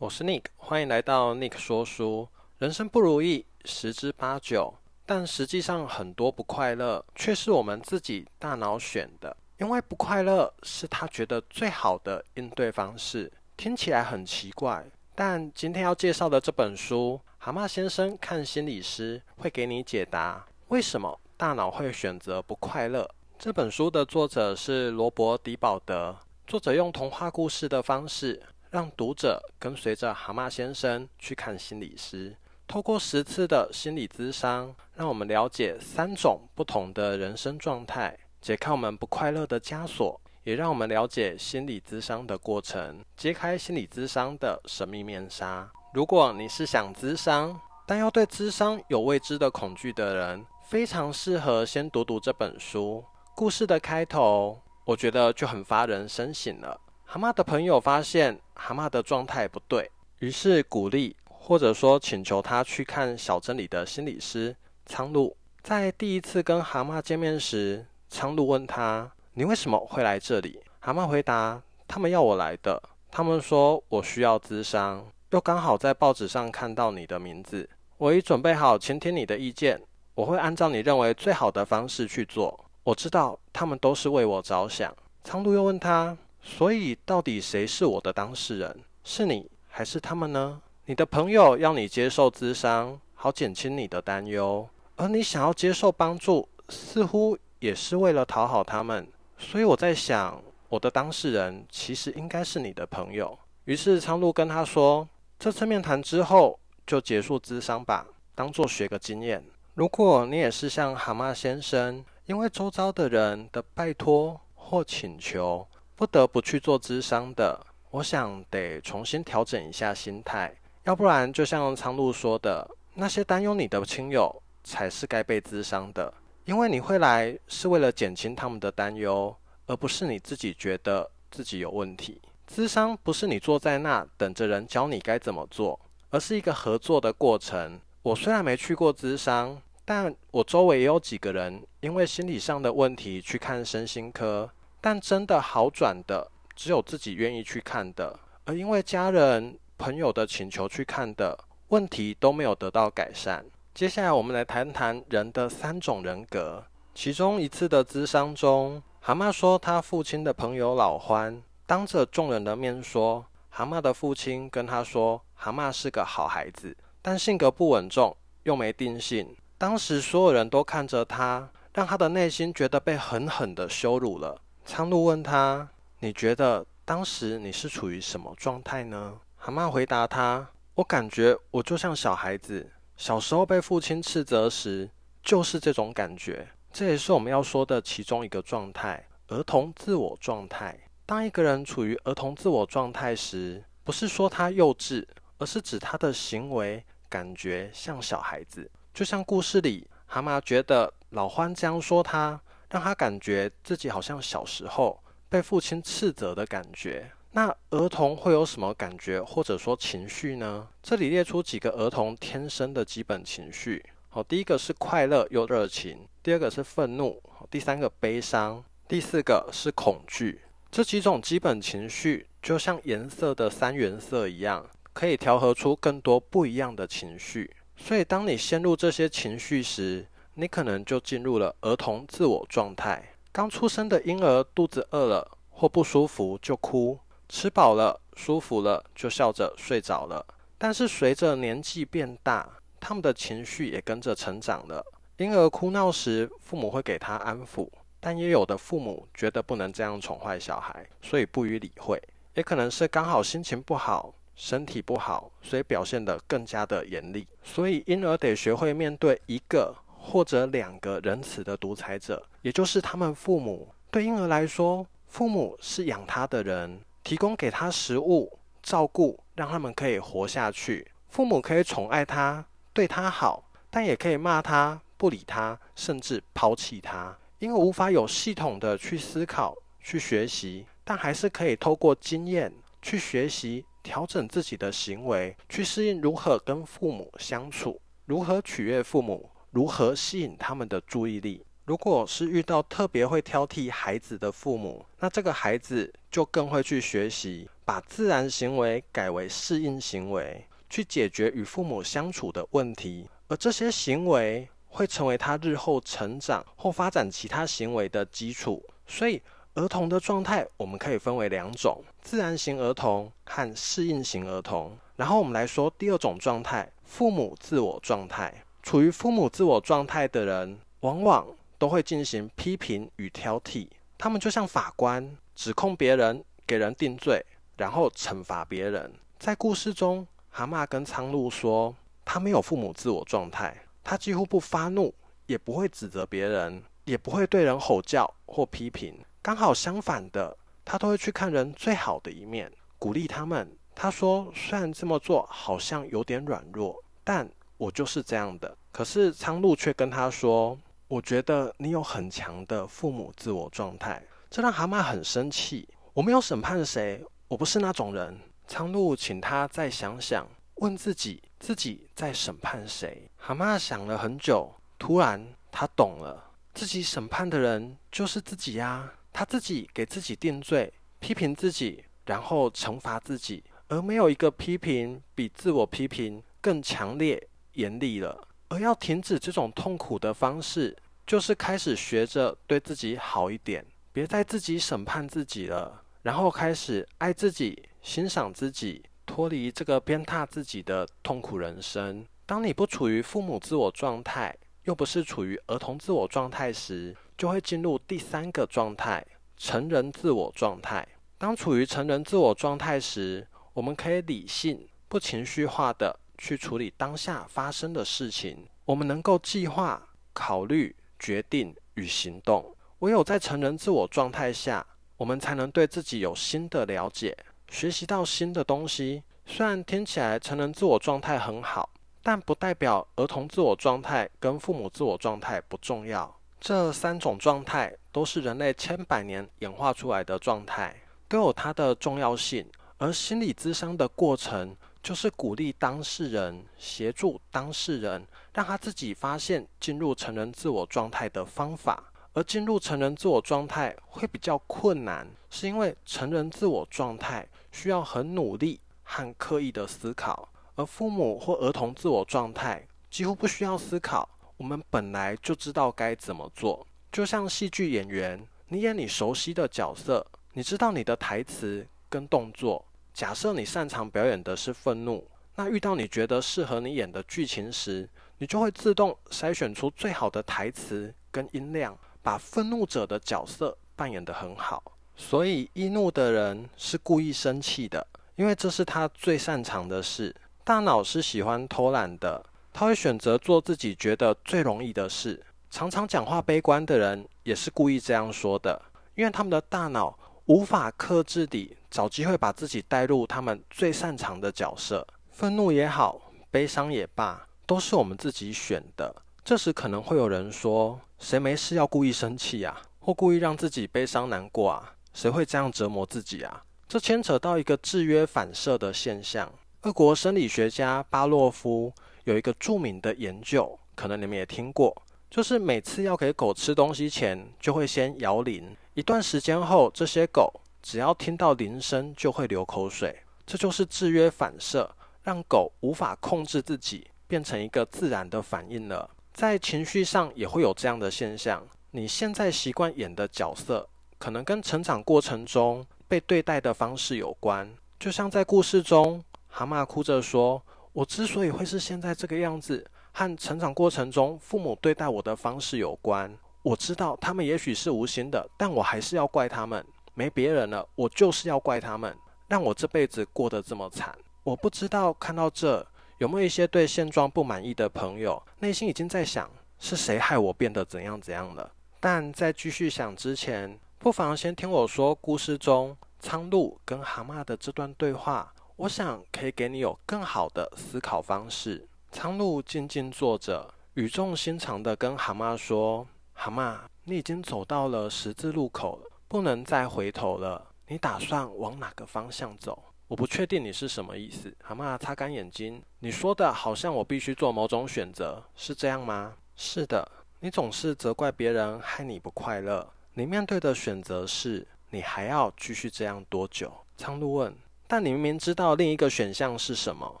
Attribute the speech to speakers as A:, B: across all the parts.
A: 我是 Nick，歡迎來到 Nick 說書。人生不如意十之八九，但實際上很多不快樂卻是我們自己大腦選的，因為不快樂是他覺得最好的應對方式。聽起來很奇怪，但今天要介紹的這本書《蛤蟆先生看心理師》會給你解答為什麼大腦會選擇不快樂。這本書的作者是羅伯迪保德，作者用童話故事的方式。讓讀者跟隨着蛤蟆先生去看心理師，透過十次的心理諮商，讓我們了解三種不同的人生狀態，解開我們不快樂的枷鎖，也讓我們了解心理諮商的過程，揭開心理諮商的神秘面紗。如果你是想諮商，但又對諮商有未知的恐懼的人，非常適合先讀讀這本書。故事的開頭，我覺得就很發人深省了。蛤蟆的朋友發現蛤蟆的狀態不對，於是鼓勵或者說請求他去看小鎮裡的心理師蒼鷺。在第一次跟蛤蟆見面時，蒼鷺問他：“你為什麼會來這裡？”蛤蟆回答：“他們要我來的，他們說我需要諮商，又剛好在報紙上看到你的名字，我已準備好傾聽你的意見，我會按照你認為最好的方式去做。我知道他們都是為我着想。”蒼鷺又問他，所以，到底誰是我的當事人？是你還是他們呢？你的朋友要你接受諮商，好減輕你的擔憂，而你想要接受幫助，似乎也是為了討好他們。所以，我在想，我的當事人其實應該是你的朋友。於是，蒼鷺跟他說：“這次面談之後，就結束諮商吧，當作學個經驗。如果你也是像蛤蟆先生，因為周遭的人的拜託或請求。”不得不去做諮商的，我想得重新調整一下心態，要不然就像蒼鷺說的，那些擔憂你的親友才是該被諮商的，因為你會來是為了減輕他們的擔憂，而不是你自己覺得自己有問題。諮商不是你坐在那等着人教你該怎麼做，而是一個合作的過程。我雖然沒去過諮商，但我周圍也有幾個人因為心理上的問題去看身心科。但真的好轉的，只有自己願意去看的，而因為家人朋友的請求去看的問題都沒有得到改善。接下來我們來談談人的三種人格。其中一次的諮商中，蛤蟆說他父親的朋友老歡當着眾人的面說，蛤蟆的父親跟他說，蛤蟆是個好孩子，但性格不穩重，又沒定性。當時所有人都看着他，讓他的內心覺得被狠狠的羞辱了。蒼鷺問他：“你覺得當時你是處於什麼狀態呢？”蛤蟆回答他：“我感覺我就像小孩子，小時候被父親斥責時，就是這種感覺。這也是我們要說的其中一個狀態——兒童自我狀態。當一個人處於兒童自我狀態時，不是說他幼稚，而是指他的行為感覺像小孩子。就像故事裡，蛤蟆覺得老獾這樣說他。”讓他感覺自己好像小時候被父親斥責的感覺。那兒童會有什麼感覺或者說情緒呢？這裡列出幾個兒童天生的基本情緒。好，第一個是快樂又熱情，第二個是憤怒，第三個悲傷，第四個是恐懼。這幾種基本情緒就像顏色的三原色一樣，可以調和出更多不一樣的情緒。所以，當你陷入這些情緒時，你可能就進入了兒童自我狀態。剛出生的嬰兒，肚子餓了或不舒服就哭，吃飽了舒服了就笑着睡着了。但是隨着年紀變大，他們的情緒也跟着成長了。嬰兒哭鬧時，父母會給他安撫，但也有的父母覺得不能這樣寵壞小孩，所以不予理會。也可能是剛好心情不好、身體不好，所以表現得更加的嚴厲。所以嬰兒得學會面對一個，或者兩個仁慈的獨裁者，也就是他們父母。對嬰兒來說，父母是養他的人，提供給他食物、照顧，讓他們可以活下去。父母可以寵愛他，對他好，但也可以罵他、不理他，甚至拋棄他。因為無法有系統的去思考、去學習，但還是可以透過經驗去學習，調整自己的行為，去適應如何跟父母相處，如何取悅父母。如何吸引他們的注意力？如果是遇到特別會挑剔孩子的父母，那這個孩子就更會去學習，把自然行為改為適應行為，去解決與父母相處的問題。而這些行為會成為他日後成長或發展其他行為的基礎。所以，兒童的狀態我們可以分為兩種：自然型兒童和適應型兒童。然後我們來說第二種狀態，父母自我狀態。處於父母自我狀態的人，往往都會進行批評與挑剔。他們就像法官，指控別人，給人定罪，然後懲罰別人。在故事中，蛤蟆跟蒼鷺說，他沒有父母自我狀態，他幾乎不發怒，也不會指責別人，也不會對人吼叫或批評。剛好相反的，他都會去看人最好的一面，鼓勵他們。他說，雖然這麼做好像有點軟弱，但。我就是這樣的，可是蒼鷺卻跟他說：“我覺得你有很強的父母自我狀態。”這讓蛤蟆很生氣。我沒有審判誰，我不是那種人。蒼鷺請他再想想，問自己：自己在審判誰？蛤蟆想了很久，突然他懂了：自己審判的人就是自己啊。他自己給自己定罪，批評自己，然後懲罰自己，而沒有一個批評比自我批評更強烈。嚴厲了，而要停止這種痛苦的方式，就是開始學着對自己好一點，別再自己審判自己了，然後開始愛自己、欣賞自己，脫離這個鞭撻自己的痛苦人生。當你不處於父母自我狀態，又不是處於兒童自我狀態時，就會進入第三個狀態——成人自我狀態。當處於成人自我狀態時，我們可以理性、不情緒化的。去處理當下發生的事情，我們能夠計劃、考慮、決定與行動。唯有在成人自我狀態下，我們才能對自己有新的了解，學習到新的東西。雖然聽起來成人自我狀態很好，但不代表兒童自我狀態跟父母自我狀態不重要。這三種狀態都是人類千百年演化出來的狀態，都有它的重要性。而心理諮商的過程，就是鼓勵當事人協助當事人，讓他自己發現進入成人自我狀態的方法。而進入成人自我狀態會比較困難，是因為成人自我狀態需要很努力和刻意的思考，而父母或兒童自我狀態幾乎不需要思考，我們本來就知道該怎麼做。就像戲劇演員，你演你熟悉的角色，你知道你的台詞跟動作。假設你擅長表演的是憤怒，那遇到你覺得適合你演的劇情時，你就會自動篩選出最好的台詞跟音量，把憤怒者的角色扮演得很好。所以，易怒的人是故意生氣的，因為這是他最擅長的事。大腦是喜歡偷懶的，他會選擇做自己覺得最容易的事。常常講話悲觀的人也是故意這樣說的，因為他們的大腦無法克制地找機會把自己帶入他們最擅長的角色，憤怒也好，悲傷也罷，都是我們自己選的。這時可能會有人說：“誰沒事要故意生氣呀？或故意讓自己悲傷難過啊？誰會這樣折磨自己啊？”這牽扯到一個制約反射的現象。俄國生理學家巴洛夫有一個著名的研究，可能你們也聽過，就是每次要給狗吃東西前，就會先搖鈴。一段時間後，這些狗，只要聽到鈴聲就會流口水，這就是制約反射，讓狗無法控制自己，變成一個自然的反應了。在情緒上也會有這樣的現象。你現在習慣演的角色，可能跟成長過程中被對待的方式有關。就像在故事中，蛤蟆哭着說：“我之所以會是現在這個樣子，和成長過程中父母對待我的方式有關。我知道他們也許是無心的，但我還是要怪他們。”沒別人了，我就是要怪他們，讓我這輩子過得這麼慘。我不知道看到這有沒有一些對現狀不滿意的朋友，內心已經在想是誰害我變得怎樣怎樣了。但在繼續想之前，不妨先聽我說故事中蒼鷺跟蛤蟆的這段對話，我想可以給你有更好的思考方式。蒼鷺靜靜坐着，語重心長的跟蛤蟆說：“蛤蟆，你已經走到了十字路口了。”不能再回頭了。你打算往哪個方向走？我不確定你是什麼意思。蛤蟆擦乾眼睛，你說的好像我必須做某種選擇，是這樣嗎？是的。你總是責怪別人，害你不快樂。你面對的選擇是，你還要繼續這樣多久？蒼鷺問。但你明明知道另一個選項是什麼。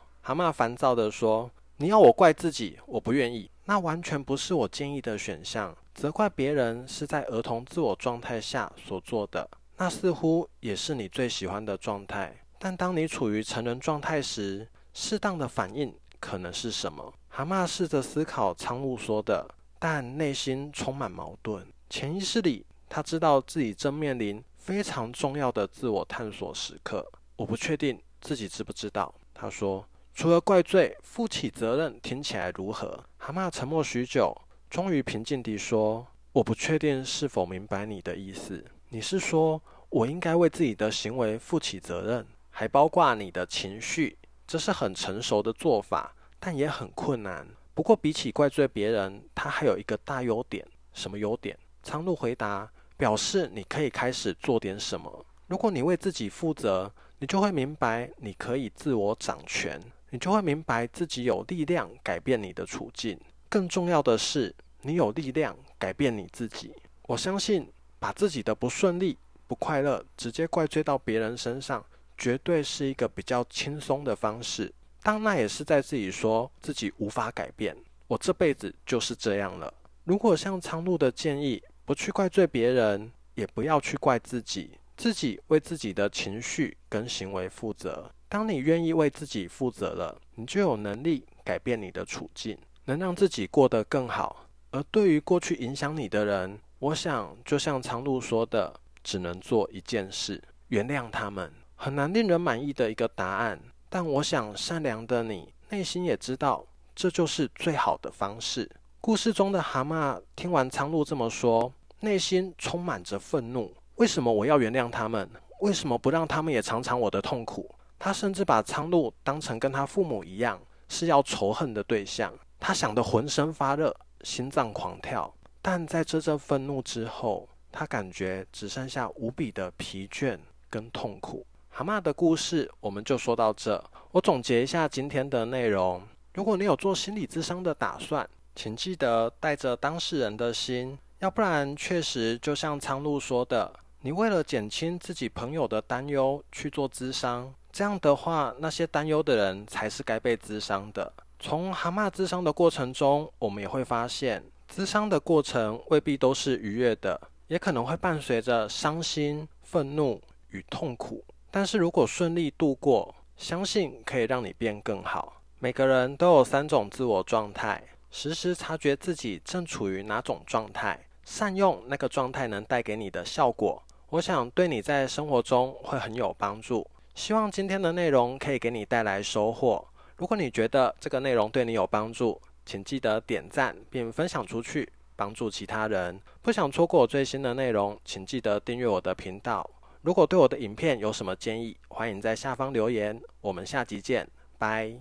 A: 蛤蟆煩躁地說：“你要我怪自己，我不願意。那完全不是我建議的選項。”責怪別人是在兒童自我狀態下所做的，那似乎也是你最喜歡的狀態。但當你處於成人狀態時，適當的反應可能是什麼？蛤蟆試着思考蒼鷺說的，但內心充滿矛盾。潛意識裡，他知道自己正面臨非常重要的自我探索時刻。我不確定自己知不知道。他說：“除了怪罪，負起責任聽起來如何？”蛤蟆沉默許久。終於平靜地說：“我不確定是否明白你的意思。你是說我應該為自己的行為負起責任，還包括你的情緒。這是很成熟的做法，但也很困難。不過，比起怪罪別人，它還有一個大優點。什麼優點？”蒼鷺回答：“表示你可以開始做點什麼。如果你為自己負責，你就會明白你可以自我掌權，你就會明白自己有力量改變你的處境。”更重要的是，你有力量改變你自己。我相信，把自己的不順利、不快樂直接怪罪到別人身上，絕對是一個比較輕鬆的方式。但那也是在自己說自己無法改變，我這輩子就是這樣了。如果像蒼鷺的建議，不去怪罪別人，也不要去怪自己，自己為自己的情緒跟行為負責。當你願意為自己負責了，你就有能力改變你的處境。能讓自己過得更好。而對於過去影響你的人，我想就像蒼鷺說的，只能做一件事，原諒他們。很難令人滿意的一個答案，但我想善良的你內心也知道，這就是最好的方式。故事中的蛤蟆聽完蒼鷺這麼說，內心充滿着憤怒：為什麼我要原諒他們？為什麼不讓他們也嘗嘗我的痛苦？他甚至把蒼鷺當成跟他父母一樣是要仇恨的對象。他想得渾身發熱，心臟狂跳，但在這陣憤怒之後，他感覺只剩下無比的疲倦跟痛苦。蛤蟆的故事我們就說到這。我總結一下今天的內容：如果你有做心理諮商的打算，請記得帶着當事人的心，要不然確實就像蒼鷺說的，你為了減輕自己朋友的擔憂去做諮商，這樣的話，那些擔憂的人才是該被諮商的。從蛤蟆諮商的過程中，我們也會發現，諮商的過程未必都是愉悅的，也可能會伴隨着傷心、憤怒與痛苦。但是如果順利度過，相信可以讓你變更好。每個人都有三種自我狀態，時時察覺自己正處於哪種狀態，善用那個狀態能帶給你的效果，我想對你在生活中會很有幫助。希望今天的內容可以給你帶來收穫。如果你覺得這個內容對你有幫助，請記得點贊並分享出去，幫助其他人。不想錯過我最新的內容，請記得訂閱我的頻道。如果對我的影片有什麼建議，歡迎在下方留言。我們下集見，拜。